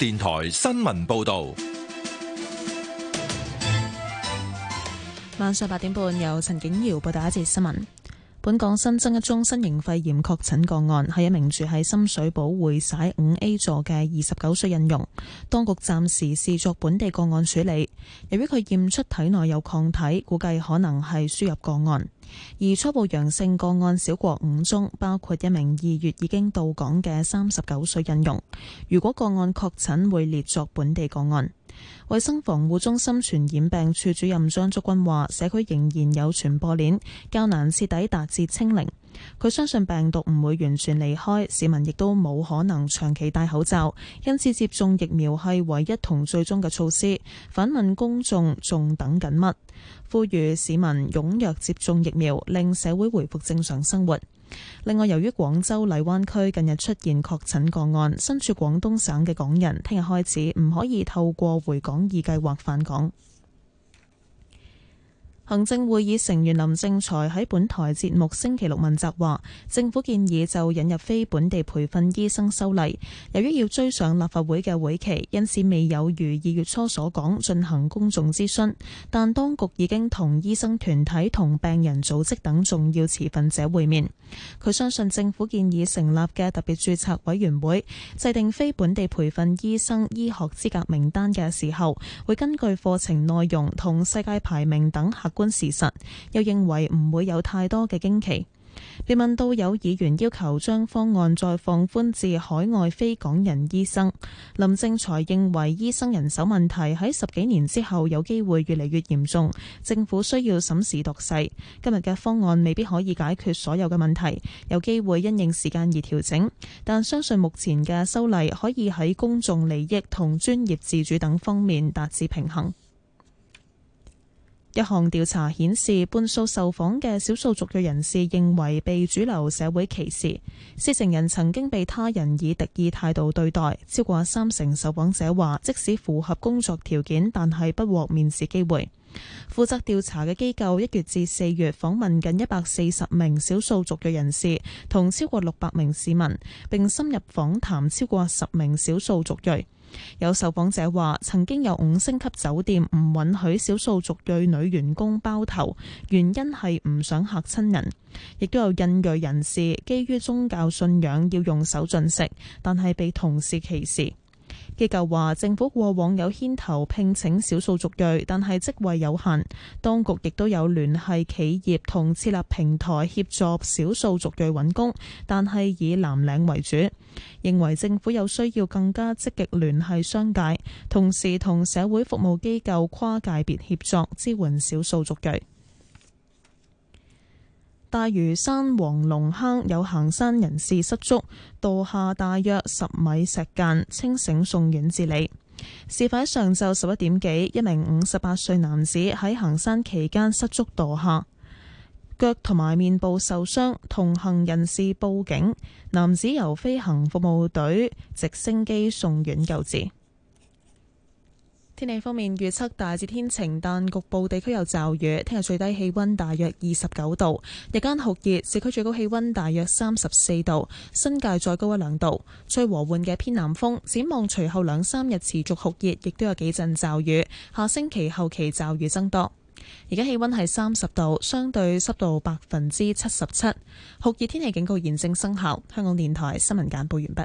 電台新聞報道。晚上八點半，由陳景瑤報道一節新聞。本港新增一宗新型肺炎確診個案，係一名住喺深水埗匯璽五 A 座嘅二十九歲印傭，當局暫時視作本地個案處理。由於佢驗出體內有抗體，估計可能係輸入個案。而初步陽性個案少過五宗，包括一名二月已經到港嘅三十九歲印傭，如果個案確診，會列作本地個案。衛生防護中心傳染病處主任張竹君話，社區仍然有傳播鏈，較難徹底達至清零。佢相信病毒唔會完全離開，市民亦都冇可能長期戴口罩，因此接種疫苗係唯一同最終嘅措施。反問公眾仲等緊乜？呼籲市民踴躍接種疫苗，令社會回復正常生活。另外，由於廣州荔灣區近日出現確診個案，身處廣東省嘅港人，聽日開始唔可以透過回港易計劃返港。行政會議成員林正財喺本台節目星期六問責話，政府建議就引入非本地培訓醫生修例，由於要追上立法會嘅會期，因此未有如二月初所講進行公眾諮詢，但當局已經同醫生團體同病人組織等重要持份者會面。佢相信政府建議成立嘅特別註冊委員會制定非本地培訓醫生醫學資格名單嘅時候，會根據課程內容同世界排名等客觀般事實，又認為唔會有太多嘅驚奇。被問到有議員要求將方案再放寬至海外非港人醫生，林正才認為醫生人手問題喺十幾年之後有機會越嚟越嚴重，政府需要審時度勢，今日嘅方案未必可以解決所有嘅問題，有機會因應時間而調整，但相信目前嘅修例可以喺公眾利益同專業自主等方面達至平衡。一項調查顯示，半數受訪嘅少數族裔人士認為被主流社會歧視，四成人曾經被他人以敵意態度對待。超過三成受訪者話，即使符合工作條件，但係不獲面試機會。負責調查嘅機構一月至四月訪問近一百四十名少數族裔人士同超過六百名市民，並深入訪談超過十名少數族裔。有受訪者話，曾經有五星級酒店唔允許少數族裔女員工包頭，原因係唔想嚇親人；亦都有印裔人士基於宗教信仰要用手進食，但係被同事歧視。機構話，政府過往,往有牽頭聘請少數族裔，但係職位有限。當局亦都有聯繫企業同設立平台協助少數族裔揾工，但係以藍領為主。認為政府有需要更加積極聯繫商界，同時同社會服務機構跨界別協作支援少數族裔。大嶼山黃龍坑有行山人士失足墮下，大約十米石澗，清醒送院治理。事發喺上晝十一點幾，一名五十八歲男子喺行山期間失足墮下，腳同埋面部受傷，同行人士報警，男子由飛行服務隊直升機送院救治。天氣方面，預測大致天晴，但局部地區有驟雨。聽日最低氣溫大約二十九度，日間酷熱，市區最高氣溫大約三十四度，新界再高一兩度。最和緩嘅偏南風，展望隨後兩三日持續酷熱，亦都有幾陣驟雨，下星期後期驟雨增多。而家氣溫係三十度，相對濕度百分之七十七，酷熱天氣警告現正生效。香港電台新聞簡報完畢。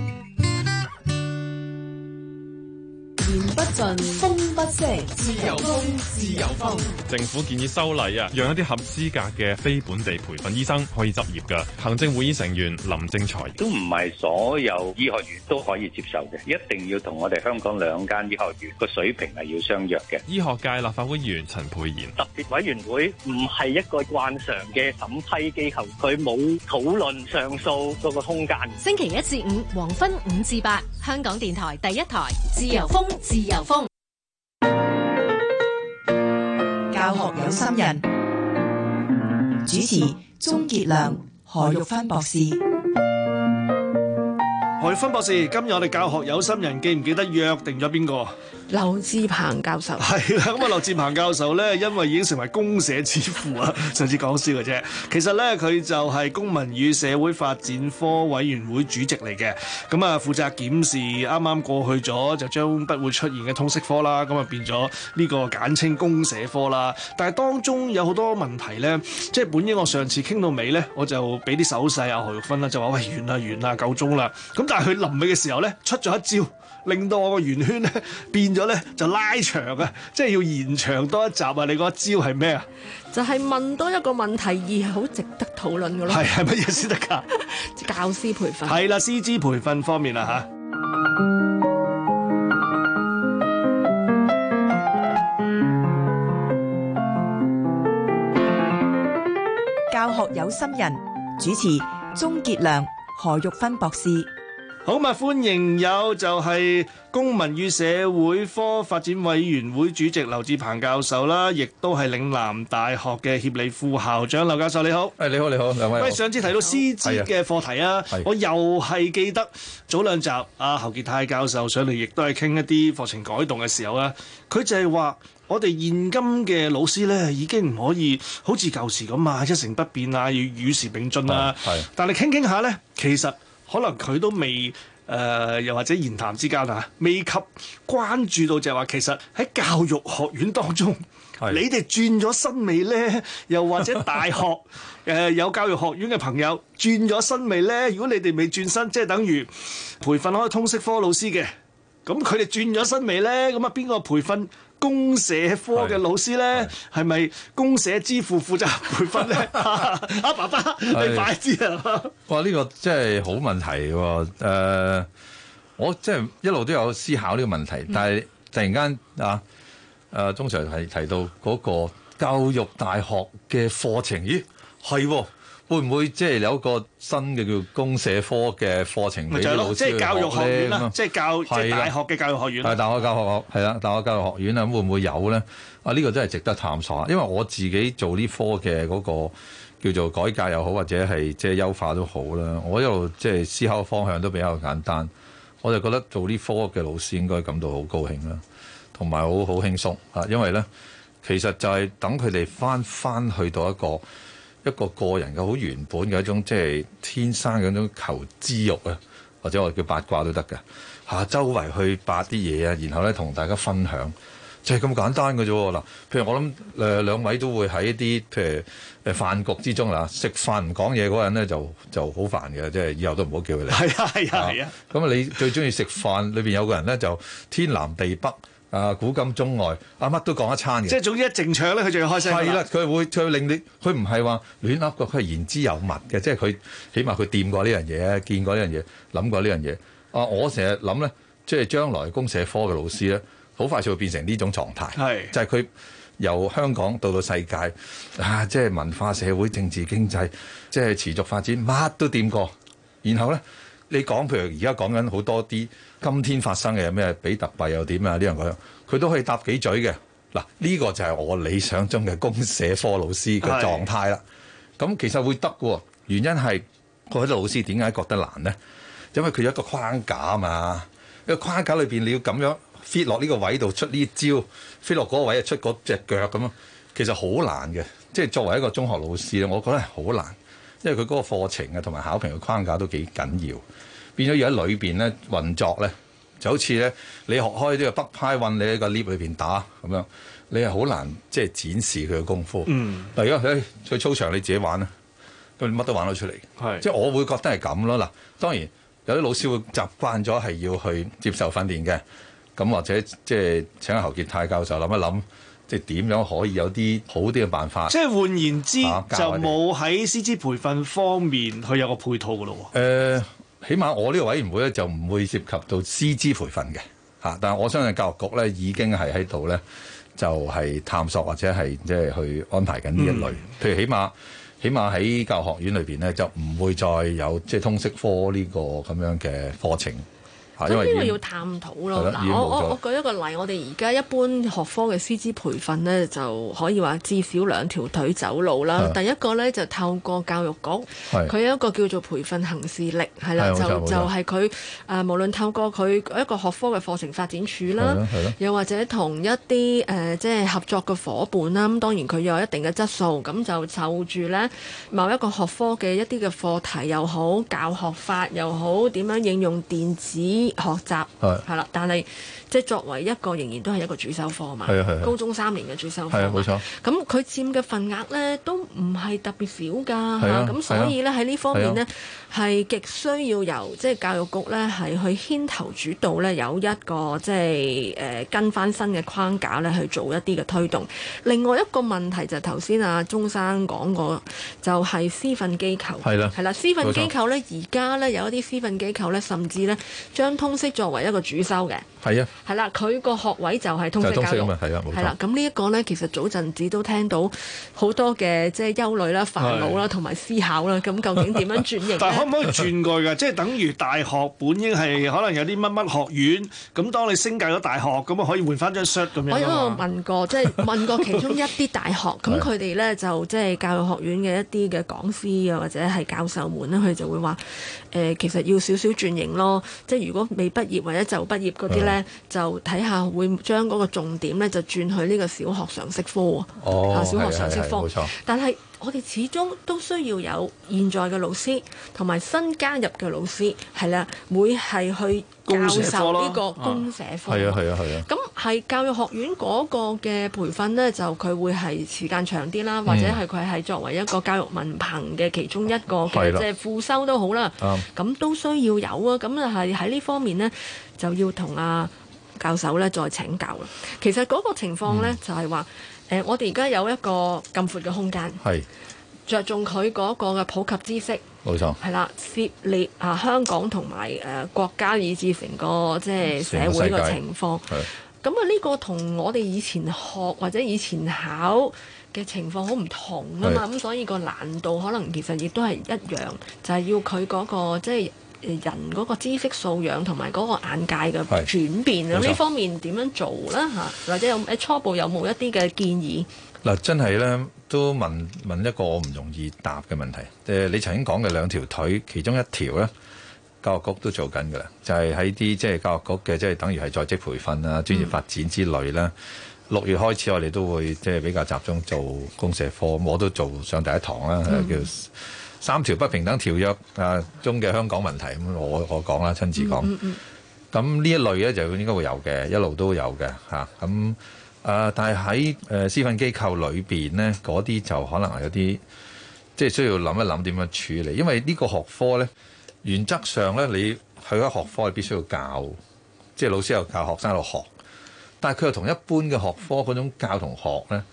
言不盡，風不息，自由風，自由風。政府建議修例啊，讓一啲合資格嘅非本地培訓醫生可以執業㗎。行政會議成員林正財，都唔係所有醫學院都可以接受嘅，一定要同我哋香港兩間醫學院個水平係要相若嘅。醫學界立法會議員陳沛然，特別委員會唔係一個慣常嘅審批機構，佢冇討論上訴嗰個空間。星期一至五黃昏五至八，香港電台第一台自由風。自由風，教學有心人，主持：鍾傑良、何玉芬博士。何玉芬博士，今日我哋教學有心人，記唔記得約定咗邊個？劉智鵬教授。係啦，咁啊，劉智鵬教授咧，因為已經成為公社之父啊，上次講笑嘅啫。其實咧，佢就係公民與社會發展科委員會主席嚟嘅，咁啊，負責檢視啱啱過去咗就將不會出現嘅通識科啦，咁啊變咗呢個簡稱公社科啦。但係當中有好多問題咧，即係本應我上次傾到尾咧，我就俾啲手勢啊。何玉芬啦，就話喂，完啦，完啦，夠鐘啦。咁但佢臨尾嘅時候咧，出咗一招，令到我個圓圈咧，變咗咧就拉長啊，即係要延長多一集啊！你嗰一招係咩啊？就係問多一個問題而係好值得討論嘅咯。係係乜嘢先得㗎？ 即教師培訓係啦，師資 培訓方面啦嚇。教學有心人主持鍾傑良、何玉芬博士。好嘛，歡迎有就係公民與社會發展科委員會主席劉智鵬教授啦，亦都係嶺南大學嘅協理副校長，劉教授你好。誒，你好，你好，兩位。喂，上次提到師資嘅課題啊，好我又係記得早兩集啊，侯傑泰教授上嚟，亦都係傾一啲課程改動嘅時候咧，佢就係話，我哋現今嘅老師咧已經唔可以好似舊時咁啊一成不變啊，要與時並進啊。嗯，但係傾傾下咧，其實。可能佢都未誒、呃，又或者言談之間啊，未及關注到就，就係話其實喺教育學院當中，是的 你哋轉咗身未呢？又或者大學誒、 呃、有教育學院嘅朋友轉咗身未呢？如果你哋未轉身，即係等於培訓開通識科老師嘅，咁佢哋轉咗身未呢？咁啊，邊個培訓？公社科嘅老師咧，係咪公社支付負責培訓咧？阿、 啊、爸爸，的你快啲啊！哇，呢、這個真係好問題喎、啊呃！我真係一路都有思考呢個問題，但係突然間啊，誒鍾 Sir 提提到嗰個教育大學嘅課程，咦，係喎。會唔會即係有一個新嘅叫公社科嘅課程俾老師落咧咁啊？即係教大學嘅教育學院。係、就是、大學教育學系啦，大學教育學院啦，會唔會有咧？啊，呢、這個真係值得探索。因為我自己做呢科嘅嗰、那個叫做改革又好，或者係即係優化都好啦。我一路即係思考嘅方向都比較簡單。我就覺得做呢科嘅老師應該感到好高興啦，同埋好好輕鬆啊！因為咧，其實就係等佢哋返返去到一個。一個個人嘅好原本嘅一種即係天生嘅一種求知欲，啊，或者我叫八卦都得嘅嚇，周圍去八啲嘢啊，然後咧同大家分享就係咁簡單嘅啫喎。嗱，譬如我諗誒兩位都會喺一啲譬如誒飯局之中啊，食飯唔講嘢嗰人咧就就好煩嘅，即係以後都唔好叫佢嚟。係啊係啊，咁啊你最中意食飯裏邊有個人咧就天南地北，啊，古今中外啊，乜都講一餐嘅。即係總之一正唱咧，佢就要開聲。係啦，佢會再令你，佢唔係話亂噏過，佢係言之有物嘅，即係佢起碼佢掂過呢樣嘢，見過呢樣嘢，諗過呢樣嘢。啊，我成日諗咧，即係將來公社科嘅老師咧，好快就會變成呢種狀態。係，就係佢由香港到到世界啊，即係文化、社會、政治、經濟，即係持續發展，乜都掂過，然後咧。你講譬如而家講緊好多啲今天發生嘅有咩，比特幣又點啊？呢樣嗰樣，佢都可以搭幾嘴嘅。嗱，呢個就係我理想中嘅公社科老師嘅狀態啦。咁是其實會得嘅，原因係啲老師點解覺得難呢？因為佢有一個框架啊嘛，一個框架裏邊你要咁樣 fit 落呢個位度出呢招，fit 落嗰個位啊出嗰隻腳咁樣，其實好難嘅。即係作為一個中學老師我覺得係好難。因為佢嗰個課程啊，同埋考評嘅框架都幾緊要，變咗要喺裏邊咧運作咧，就好似咧你學開呢個北派運，你喺個 lift 裏邊打咁樣，你係好難即係展示佢嘅功夫。嗯、mm.，嗱，如果喺去操場你自己玩咧，咁你乜都玩到出嚟。係是，即係我會覺得係咁咯。嗱，當然有啲老師會習慣咗係要去接受訓練嘅，咁或者即係請阿侯傑泰教授諗一諗。即係點樣可以有啲好啲嘅辦法？即係換言之，啊、就冇喺師資培訓方面去有個配套嘅咯喎。起碼我呢個委員會咧就唔會涉及到師資培訓嘅嚇、啊，但係我相信教育局咧已經係喺度咧就係、是、探索或者係即係去安排緊呢一類。譬、嗯、如起碼起碼喺教育學院裏邊咧就唔會再有即係、就是、通識科呢個咁樣嘅課程。咁呢個要探討咯。嗱，我我我舉一個例，我哋而家一般學科嘅師資培訓咧，就可以話至少兩條腿走路啦。的第一個咧就透過教育局，佢的有一個叫做培訓行事曆，係啦，的就的就係佢誒無論透過佢一個學科嘅課程發展處啦，又或者同一啲誒、呃、即係合作嘅夥伴啦。咁當然佢有一定嘅質素，咁就就住咧某一個學科嘅一啲嘅課題又好，教學法又好，點樣應用電子。學習係啦，是的 但係。即係作為一個仍然都係一個主修科嘛，高中三年嘅主修科，冇錯。咁佢佔嘅份額呢都唔係特別少㗎嚇，咁所以呢，喺呢方面呢，係極需要由即係教育局呢，係去牽頭主導呢，有一個即係誒跟返新嘅框架呢去做一啲嘅推動。另外一個問題就係頭先阿鍾生講過，就係師訓機構，係啦，係啦，師訓機構呢，而家呢，有一啲師訓機構呢，甚至呢，將通識作為一個主修嘅，係啊。係啦，佢個學位就係通識教育。係啦，咁呢一個呢，其實早陣子都聽到好多嘅即係憂慮啦、煩惱啦、同埋是思考啦。咁究竟點樣轉型？ 但係可唔可以轉過㗎？即係等於大學本應係可能有啲乜乜學院，咁當你升計咗大學，咁可以換翻張 shut 咁樣。我有問過，即係 問過其中一啲大學，咁佢哋呢，是就即係教育學院嘅一啲嘅講師啊，或者係教授們呢，佢就會話：誒、呃，其實要少少，少，少轉型咯。即係如果未畢業或者就畢業嗰啲呢。就 就睇下會將嗰個重點咧，就轉去呢個小學常識科哦，oh, 小學常識科，係係係，但係我哋始終都需要有現在嘅老師同埋新加入嘅老師，係啦，會係去教授呢個公社科，係啊係啊係啊。咁係、嗯、教育學院嗰個嘅培訓咧，就佢會係時間長啲啦，或者係佢係作為一個教育文憑嘅其中一個，即係、嗯、副修都好啦。咁、嗯、都需要有啊。咁啊係喺呢方面咧，就要同阿、啊。教授咧再請教啦。其實嗰個情況咧就係話，誒、嗯呃、我哋而家有一個咁闊嘅空間，係是著重佢嗰個嘅普及知識，冇錯，係啦，涉獵啊香港同埋誒國家以至成個即係、呃、社會嘅情況。係咁啊，呢個同我哋以前學或者以前考嘅情況好唔同啊嘛。咁是所以個難度可能其實亦都係一樣，就係、是、要佢嗰、嗰個即係。人嗰個知識素養同埋嗰個眼界嘅轉變，咁呢是方面點樣做咧？嚇，或者有初步有冇一啲嘅建議？嗱，真係咧，都問問一個我唔容易答嘅問題。誒，你曾經講嘅兩條腿，其中一條咧，教育局都做緊㗎喇，就係喺啲即係教育局嘅，即係等於係在職培訓啦、專業發展之類啦。六、嗯、月開始，我哋都會即係、就是、比較集中做公社科，我都做上第一堂啦，嗯、叫。三條不平等條約啊，中嘅香港問題咁，我我講啦，親自講。咁呢一類咧，就應該會有嘅，一路都有嘅嚇。咁啊，但係喺誒師訓機構裏邊咧，嗰啲就可能係有啲即係需要諗一諗點樣處理，因為呢個學科咧，原則上咧，你去咗學科你必須要教，即係老師又教學生去學，但係佢又同一般嘅學科嗰種教同學咧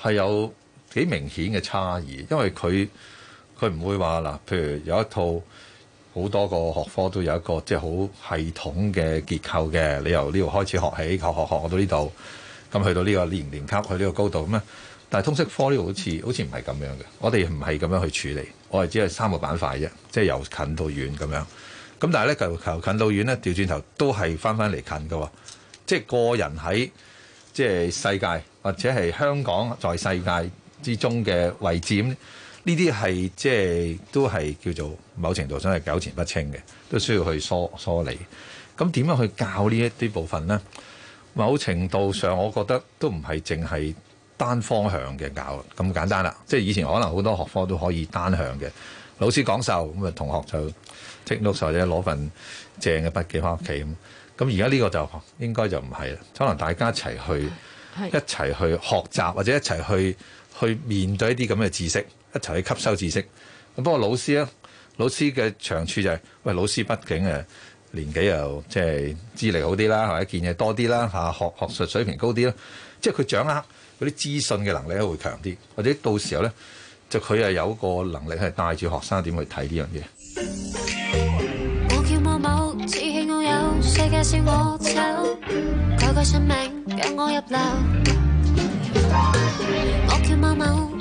係有幾明顯嘅差異，因為佢。佢唔會話嗱，譬如有一套好多個學科，都有一個即係好系統嘅結構嘅。你由呢度開始學起，學學學到呢度，咁去到呢個年年級，去呢個高度咁咧。但係通識科呢度好似好似唔係咁樣嘅，我哋唔係咁樣去處理，我哋只係三個板塊啫，即係由近到遠咁樣。咁但係咧，由由近到遠咧，調轉頭都係翻翻嚟近㗎喎，即係個人喺即係世界或者係香港在世界之中嘅位置。呢啲係即係都係叫做某程度上係糾纏不清嘅，都需要去疏疏離。咁點樣去教呢一啲部分呢？某程度上，我覺得都唔係淨係單方向嘅教咁簡單啦。即係以前可能好多學科都可以單向嘅，老師講授，咁啊同學就 take notes 或者攞份正嘅筆記翻屋企咁。咁而家呢個就應該就唔係啦，可能大家一齊去一齊去學習，或者一齊去去面對一啲咁嘅知識。一齊去吸收知識。咁不過老師咧，老師嘅長處就係、是，喂，老師畢竟誒年紀又即係智力好啲啦，係咪見嘢多啲啦？嚇，學學術水平高啲啦，即係佢掌握嗰啲資訊嘅能力咧會強啲，或者到時候咧就佢係有一個能力係帶住學生點去睇呢樣嘢。我我我我叫叫某某，某某。有世界丑。名，入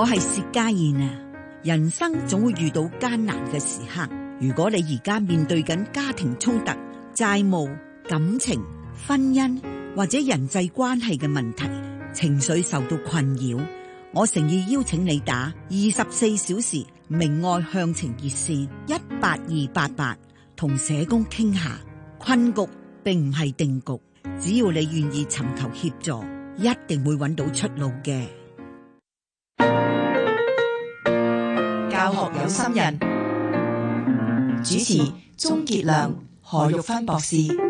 我係薛家燕啊！人生總會遇到艱難嘅時刻。如果你而家面對緊家庭衝突、債務、感情、婚姻或者人際關係嘅問題，情緒受到困擾，我誠意邀請你打二十四小時明愛向情熱線一八二八八，同社工傾下。困局並唔係定局，只要你願意尋求協助，一定會搵到出路嘅。教學有心人，主持鍾傑良、何玉芬博士。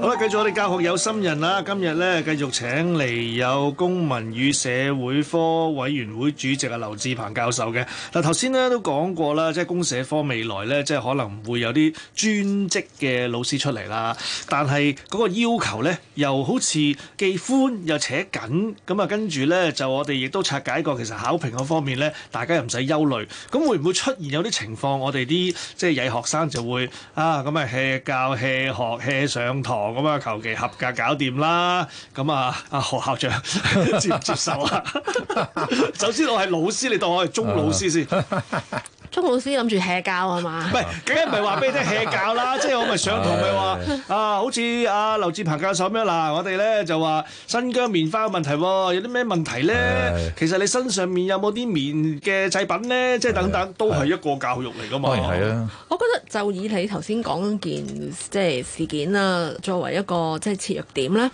好啦，繼續我哋教學有心人啦，今日咧繼續請嚟有公民與社會科委員會主席啊劉智鵬教授嘅。嗱，頭先咧都講過啦，即係公社科未來咧，即係可能會有啲專職嘅老師出嚟啦，但係嗰個要求咧又好似既寬又且緊，咁啊跟住咧就我哋亦都拆解過，其實考評嗰方面咧，大家又唔使憂慮。咁會唔會出現有啲情況，我哋啲即係曳學生就會啊咁啊 hea 教 hea 學 hea 上堂。咁啊，求其合格搞掂啦。咁啊，阿、啊、何校長 接唔接受啊？ 首先我係老師，你當我係中老師先。 中老師諗住 hea 教係嘛？唔係，梗係唔係話俾你聽 hea 教啦。 即係我咪上堂咪話啊，好似阿劉智鵬教授咁樣嗱，我哋咧就話新疆棉花嘅問題，有啲咩問題咧？ 其實你身上面有冇啲棉嘅製品咧？即係等等都係一個教育嚟噶嘛。當然係啦。我覺得就以你頭先講件即係事件啦，作為一個即係切入點咧，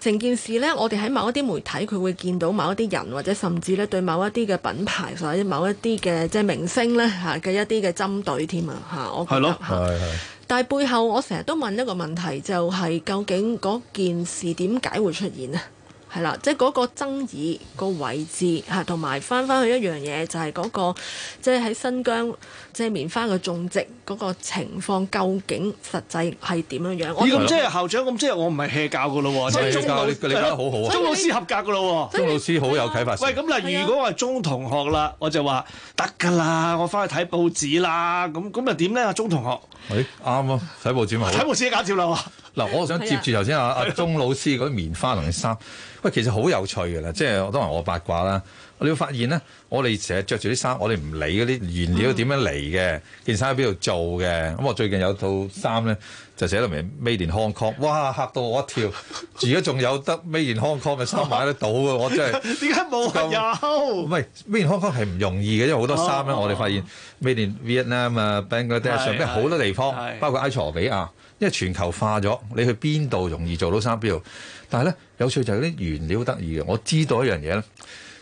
成件事咧，我哋喺某一啲媒體佢會見到某一啲人，或者甚至咧對某一啲嘅品牌或者某一啲嘅即係明星呢吓嘅、啊、一啲嘅針對添啊吓，我係咯係，但係背後我成日都問一個問題，就係、是、究竟嗰件事點解會出現呢？係啦，即係嗰個爭議個位置嚇，同埋翻翻去一樣嘢就係、是、嗰、那個，即係喺新疆即係棉花嘅種植嗰、那個情況究竟實際係點樣樣？你咁、啊、對了 即係校長，咁即係我唔係 hea 教噶咯喎，即係教得好好、啊以，中老師合格噶咯喎，以以中老師好有啟發喂，咁嗱，如果我係中同學啦，我就話得㗎啦，我翻去睇報紙啦，咁咁又點咧？中同學，喂、哎，啱啊，睇報紙睇報紙嘅簡介啦嘛。嗱，我想接住頭先阿阿鍾老師嗰啲棉花同啲衫，喂，其實好有趣㗎喇，即係我當然我八卦啦。你要發現咧，我哋成日着住啲衫，我哋唔理嗰啲原料點樣嚟嘅，件衫喺邊度做嘅。咁我最近有套衫咧，就寫到明 Made in Hong Kong，哇嚇到我一跳！而家仲有得 Made in Hong Kong 嘅衫買得到嘅，我真係點解冇咁？有唔係 Made in Hong Kong 係唔容易嘅，因為好多衫咧，我哋發現 Made in Vietnam 啊、Bangladesh 上面好多地方，包括埃塞俄比亞，因為全球化咗，你去邊度容易做到衫邊度？但係咧有趣就係啲原料得意嘅，我知道一樣嘢咧。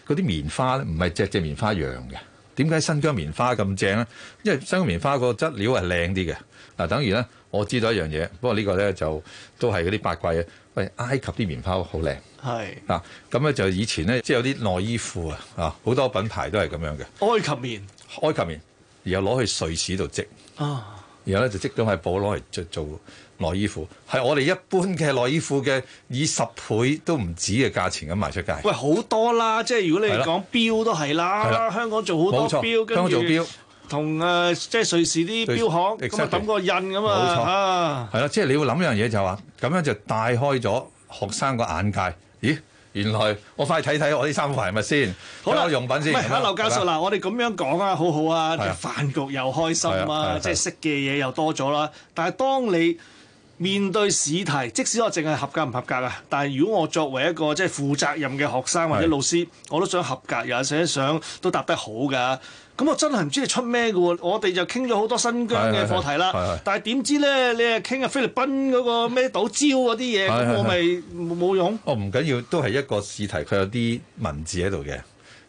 嗰啲棉花咧，唔係隻隻棉花樣嘅。點解新疆棉花咁正咧？因為新疆棉花個質料係靚啲嘅嗱。等於咧，我知道一樣嘢，不過個呢個咧就都係嗰啲八卦嘅。喂、哎，埃及啲棉花好靚，係嗱，咁咧就以前咧即係有啲內衣褲啊，啊好多品牌都係咁樣嘅埃及棉，埃及棉，然後攞去瑞士度織，啊、然後咧就織到喺布攞嚟做做。內衣褲係我哋一般嘅內衣褲嘅，以十倍都唔止嘅價錢咁賣出街。喂，好多啦！即係如果你講表都係啦，香港做好多表，香港做表同誒即係瑞士啲表行咁抌個印咁啊！冇錯啊，係啦，即係你會諗一樣嘢就係話，咁樣就帶開咗學生個眼界。咦，原來我快睇睇我呢三塊係咪先？好啦用品先。喂，係啊，劉教授嗱，我哋咁樣講啊，好好啊，飯局又開心啊，即係識嘅嘢又多咗啦。但係當你面對試題，即使我淨係合格唔合格啊，但係如果我作為一個即係負責任嘅學生或者老師，我都想合格，又或者想都答得好㗎。咁我真係唔知你出咩嘅喎。我哋就傾咗好多新疆嘅課題啦，但係點知呢？你係傾緊菲律賓嗰個咩島礁嗰啲嘢，咁我咪冇用。哦，唔緊要，要，都係一個試題，佢有啲文字喺度嘅。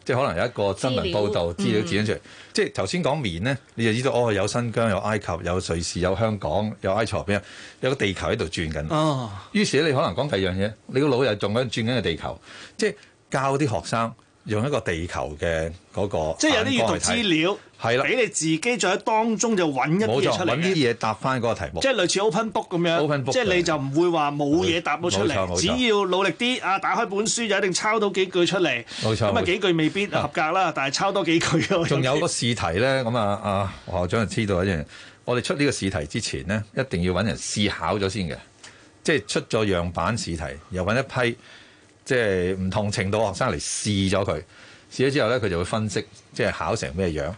即係可能有一個新聞報導資料剪出嚟，嗯、即係頭先講棉咧，你就知道哦，有新疆、有埃及、有瑞士、有香港、有埃塞俄比，有個地球喺度轉緊。哦，於是咧你可能講第二樣嘢，你個腦又仲喺度轉緊個地球，即係教啲學生用一個地球嘅嗰個，即係有啲閲讀資料。係啦，俾你自己喺當中就揾一嘢出嚟，揾啲嘢答返嗰個題目，即係類似 open book 咁樣，open book 即係你就唔會話冇嘢答到出嚟，只要努力啲啊，打開本書就一定抄到幾句出嚟。冇錯，咁啊、嗯、幾句未必合格啦，啊、但係抄多幾句。仲有個試題咧，咁啊我啊校長就知道一樣，我哋出呢個試題之前呢，一定要揾人試考咗先嘅，即係出咗樣板試題，又揾一批即係唔同程度學生嚟試咗佢，試咗之後咧，佢就會分析即係考成咩樣。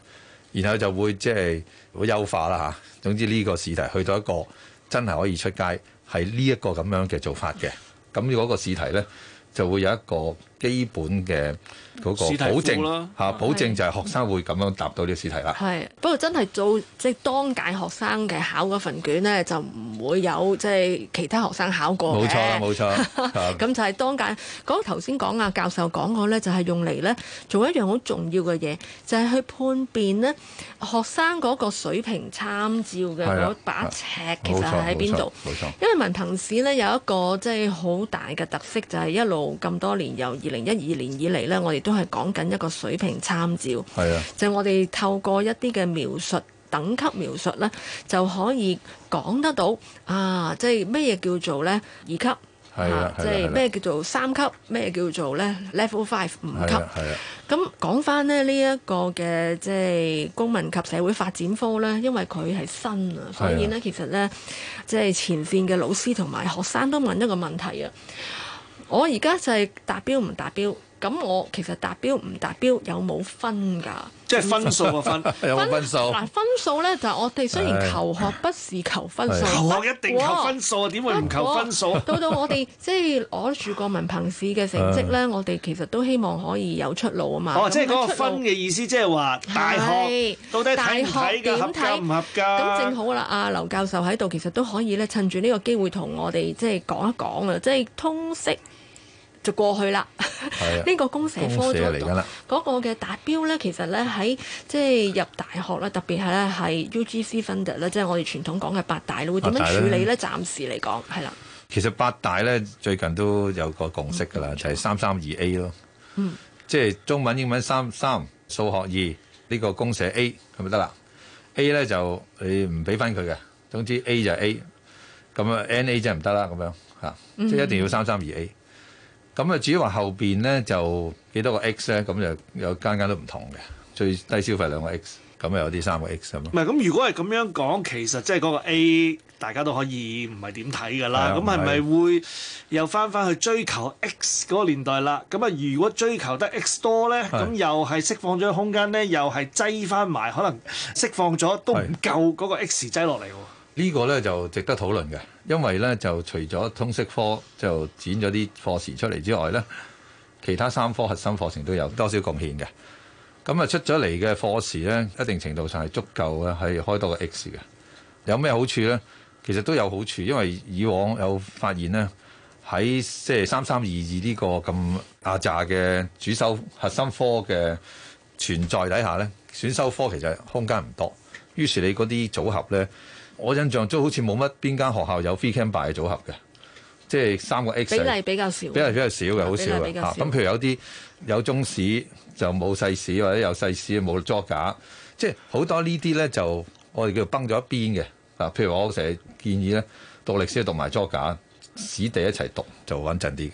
然後就會即係會優化啦嚇，總之呢個試題去到一個真係可以出街，係呢一個咁樣嘅做法嘅，咁嗰個試題呢就會有一個基本嘅。嗰個保證嚇，啦保證就係學生會咁樣答到啲試題啦。係，不過真係做即係、就是、當屆學生嘅考嗰份卷呢，就唔會有即係、就是、其他學生考過嘅。冇錯，冇錯。嚇 的，咁就係當屆剛剛講頭先講啊，教授講嗰呢，就係用嚟呢做一樣好重要嘅嘢，就係去判別呢學生嗰個水平參照嘅嗰把尺其實喺邊度。冇錯，冇錯，冇錯，因為文憑試呢有一個即係好大嘅特色，就係、是、一路咁多年由二零一二年以嚟呢。我哋、嗯。都係講緊一個水平參照，啊、就係我哋透過一啲嘅描述、等級描述咧，就可以講得到啊！即係咩嘢叫做咧二級，即係咩叫做三級，咩、啊、叫做咧 level five 五級。咁講翻呢，呢一、呢個嘅即係公民及社會發展科咧，因為佢係新啊，所以咧、啊、其實咧即係前線嘅老師同埋學生都問一個問題啊！我而家就係達標唔達標？咁我其實達標唔達標有冇分㗎？即係分數個分， 有，有分數？嗱，分數咧就我哋雖然求學不是求分數，的我求學一定求分數，點、哦、會唔求分數？到到我哋即係攞住個文憑試嘅成績咧， 我哋其實都希望可以有出路啊嘛。哦，即係嗰個分嘅意思，即係話大學的到底睇唔睇㗎？點睇？唔合，合格？咁正好啦，阿劉教授喺度，其實都可以咧，趁住呢個機會同我哋即係講一講啊，即係通識。就過去啦。呢的 個公社科嗰度嗰個嘅達標咧，其實咧喺即係入大學啦，特別係咧係 UGC 分達咧，即係我哋傳統講嘅八大你會點樣處理咧？呢暫時嚟講係啦。其實八大咧最近都有個共識㗎啦，嗯、就係三三二 A 咯。嗯，即係中文英文三三，數學二呢個公社 A 係咪得啦？A 咧就你唔俾返佢嘅，總之 A 就 A 咁啊，NA 真係唔得啦咁樣嚇，嗯、即係一定要三三二 A。咁啊，至於話後邊咧就幾多個 X 咧，咁就有間間都唔同嘅，最低消費兩個 X，咁啊有啲三個 X 咁咯。唔係，咁如果係咁樣講，其實即係嗰個 A，大家都可以唔係點睇㗎啦。咁係咪會又翻翻去追求 X 嗰個年代啦？咁啊，如果追求得 X 多咧，咁的又係釋放咗空間咧，又係擠翻埋，可能釋放咗都唔夠嗰個 X 擠落嚟喎。呢個呢就值得討論嘅，因為呢就除咗通識科就剪咗啲課時出嚟之外呢，其他三科核心課程都有多少貢獻嘅。咁啊出咗嚟嘅課時呢，一定程度上係足夠嘅，係開多個 X 嘅。有咩好處呢？其實都有好處，因為以往有發現呢，喺即係三三二二呢個咁壓榨嘅主修核心科嘅存在底下呢，選修科其實空間唔多，於是你嗰啲組合呢。我印象中好似冇乜邊間學校有 free can buy 嘅組合嘅，即係三個 X，比例比較少。比例比較少嘅，比比少好少嘅嚇。咁、啊、譬如有啲有中史就冇世史或者有世史冇作假，即係好多呢啲咧就我哋叫崩咗一邊嘅。啊，譬如我成日建議咧讀歷史讀埋作假史地一齊讀就穩陣啲嘅，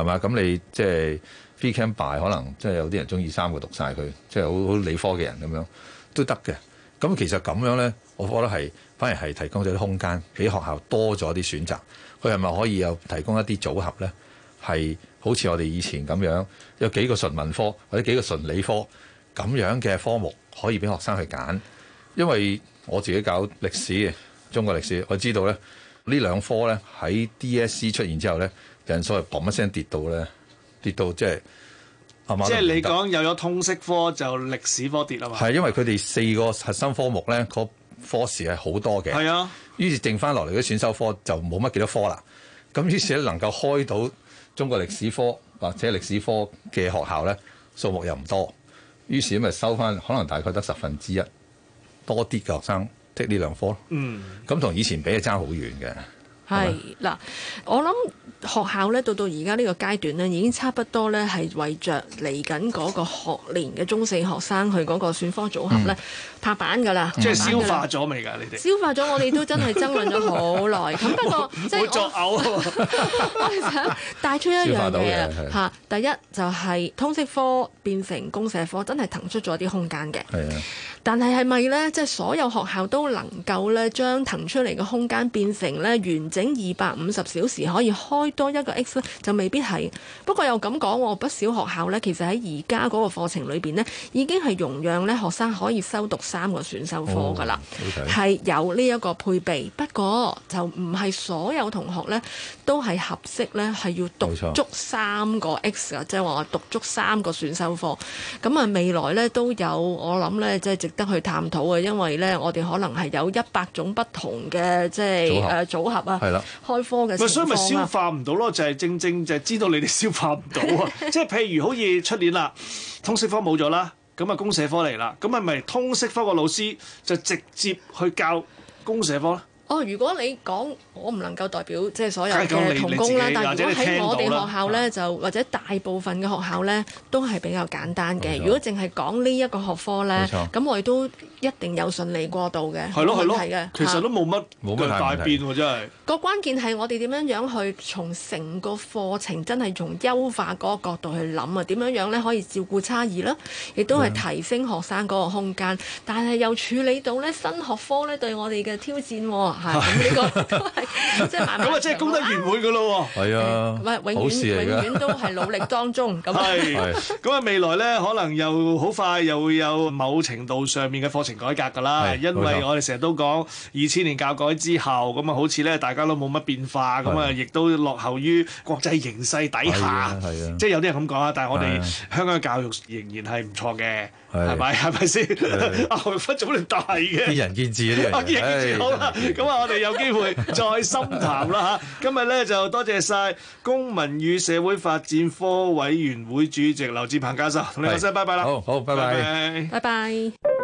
係嘛？咁你即係 free can buy 可能即係有啲人中意三個讀晒佢，即係好好理科嘅人咁樣都得嘅。咁其實咁樣呢，我覺得係反而係提供咗啲空間俾學校多咗啲選擇。佢係咪可以有提供一啲組合呢？係好似我哋以前咁樣，有幾個純文科或者幾個純理科咁樣嘅科目可以俾學生去揀。因為我自己搞歷史，中國歷史，我知道呢，呢兩科呢，喺 D.S.C 出現之後呢，人數係嘣一聲跌到呢，跌到即係。即係你講有咗通識科就歷史科跌啦嘛？係因為佢哋四個核心科目咧，個科時係好多嘅。係啊，於是剩翻落嚟嘅選修科就冇乜幾多科啦。咁於是咧能夠開到中國歷史科或者歷史科嘅學校咧，數目又唔多，於是咁咪收翻可能大概得十分之一多啲嘅學生即呢兩科咯。嗯，咁同以前比係爭好遠嘅。係嗱，我諗學校咧到到而家呢個階段咧，已經差不多咧係為着嚟緊嗰個學年嘅中四學生去嗰個選科組合咧、嗯、拍板噶啦。即係、嗯、消化咗未㗎？你哋消化咗，化我哋都真係爭論咗好耐。咁 不過即係、就是、我作嘔、啊。 我哋想帶出一樣嘢嚇，第一就係、是、通識科變成公社科，真係騰出咗啲空間嘅。但係係咪咧？即係所有學校都能夠咧將騰出嚟嘅空間變成咧完整二百五十小時可以開多一個 X 咧，就未必係。不過又咁講，不少學校咧其實喺而家個課程裏邊咧已經係容讓咧學生可以修讀三個選修科㗎啦，係、哦 okay. 有呢一個配備，不過就唔係所有同學咧都係合適咧，係要讀足三個 X 啊，冇錯。即係話讀足三個選修課，咁啊，未來咧都有我諗咧，即係。值得去探討嘅，因為咧，我哋可能係有一百種不同嘅，即係誒組合啊，的開科嘅情況、啊、所以咪消化唔到咯，就係、是、正正就係知道你哋消化唔到啊！即係 譬如好似出年啦，通識科冇咗啦，咁啊公社科嚟啦，咁係咪通識科嘅老師就直接去教公社科咧？哦，如果你講我唔能夠代表即係所有嘅同工啦，哎、但係如果喺我哋學校呢，或就或者大部分嘅學校呢，都係比較簡單嘅。冇錯如果淨係講呢一個學科呢，咁冇錯我哋都一定有順利過渡嘅冇錯問題嘅。冇錯其實都冇乜巨大變真係。個關鍵係我哋點樣樣去從成個課程真係從優化嗰個角度去諗啊，點樣樣呢？可以照顧差異啦，亦都係提升學生嗰個空間，但係又處理到呢新學科呢，對我哋嘅挑戰喎。係，呢個都係即係萬萬咁啊，即係功德圓滿嘅咯喎。啊，唔係永遠永遠都係努力當中。係，咁啊未來咧，可能又好快又會有某程度上面嘅課程改革㗎啦。因為我哋成日都講二千年教改之後，咁啊好似咧大家都冇乜變化，咁啊亦都落後於國際形勢底下。係啊，即係有啲人咁講啊，但係我哋香港教育仍然係唔錯嘅。係咪？係咪先？阿胡佛早大嘅，見仁見智呢啲嘢。好啦，咁啊，我哋有機會再深談啦嚇。今日咧就多謝晒公民與社會發展科委員會主席劉智鵬教授，同你講聲拜拜啦。好好，拜拜，拜拜。